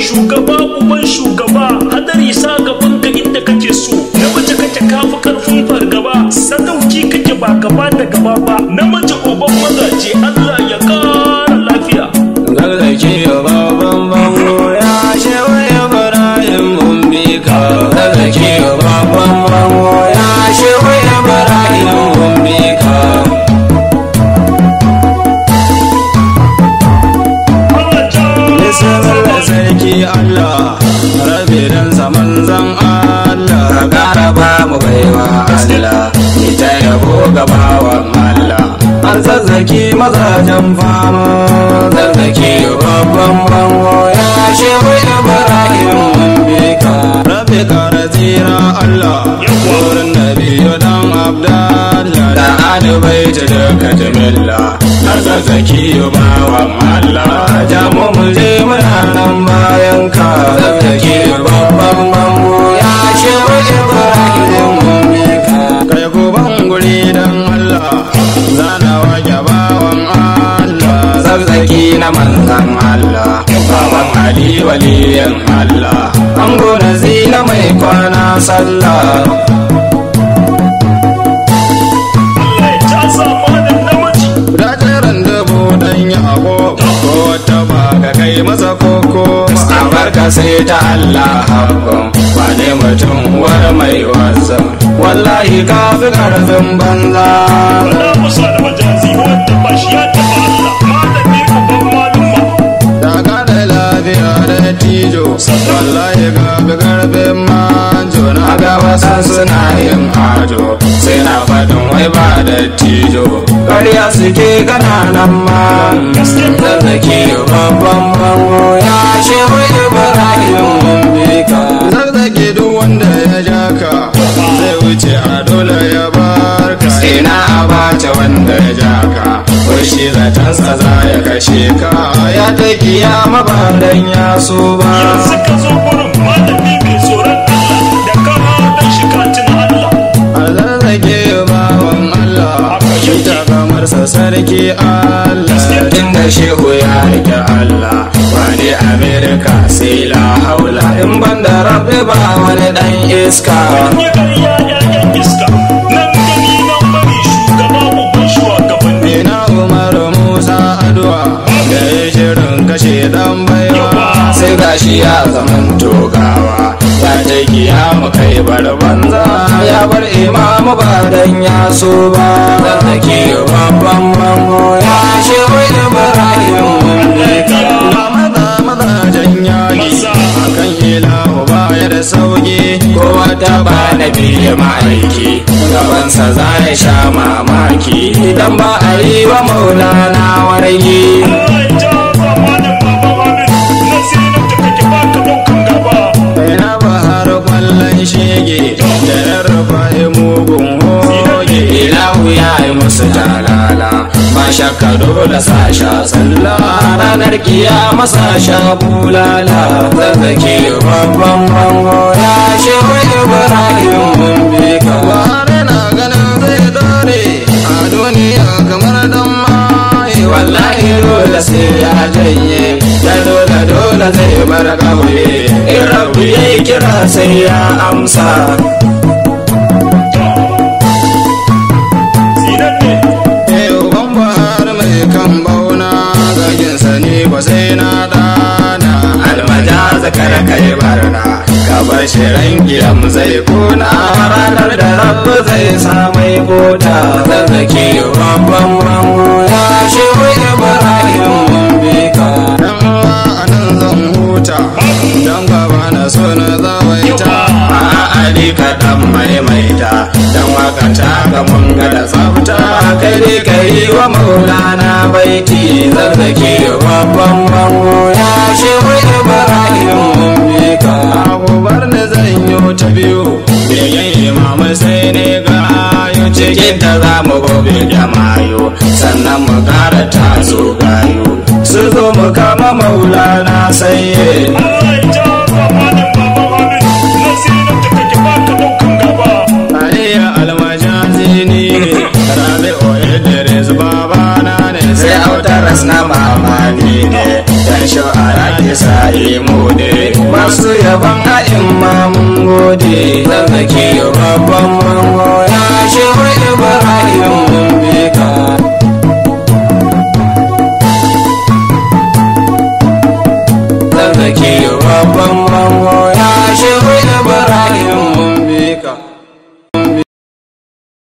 shugaba uban shugaba hadari sa gaban ka inda kake so na mace kake kafa karfin fargaba sadauki kake ba gaba da gaba ba mace uban mazaje Allah ya kara lafiya. mazajen fama take babban bango ya ce wai da bara'in ka rabe kara tsira allah ya wurin da biyu dan abdallah da adabai ta daga jamila har zazzaki ba wa allah. na manzan Allah baban Ali waliyan Allah an gona zina mai kwana sallah masa koko ma'amarka sai ta Allah ba ne mutum war mai wasa wallahi ka fi karfin banza wallahi garbe garbe manjo na ga wasan suna yin ajo sai na fadin wai ba da tijo ƙarya suke kananan ma da nake babban bango ya shehu ibrahim bika zarzage duk wanda ya ja ka zai wuce a dole ya barka na a wanda ya ja ka wai shi sa za ya kashe ka ta kiyama ba dan ya so ba yanzu ka zo gurin malami mai tsoron Allah da ka dan shi katin Allah Allah zage bawan Allah shi ta kamar sa sarki Allah din da shehu ya rike Allah wani Amerika sai la haula in ban da rabbi ba wani dan iska shi ya zaman togawa ya ta kiyama kai bar banza ya bar imamu ba dan ya so ba da take babban mango ya she wai ibrahim wanda ka akan sauki kowa ta ba na biye ma'aiki gabansa za ya sha mamaki idan ba a yi wa maulana wargi shege da rarrafa mugun hoge ilahu ya yi musu talala ba shakka dole sasha tsalla ranar kiyama sasha bulala tsarkake babban bango ya shewa ibrahim mun bi kawa na ganin zai dore a duniya kamar dan maye wallahi dole sai ya janye da dole dole zai bar kauye ya kira sai ya amsa eh, kan bauna gajinsa ne ba sai na dana almaja zakar kai barna ka bar shi rangiyam zai kuna ranar da rabu zai samai bota zazzaki babban bango ka da tsafta kare kare wa maulana baiti zarzake babban bango ya shehu ibrahim bar abubar na zanyo ta biyu yayin imamu sai ne ga cikin ta za mu gobe jamayo sannan mu kara taso gayo su zo mu kama maulana sai masu yaban ha'in ma mun gode zan zaki babban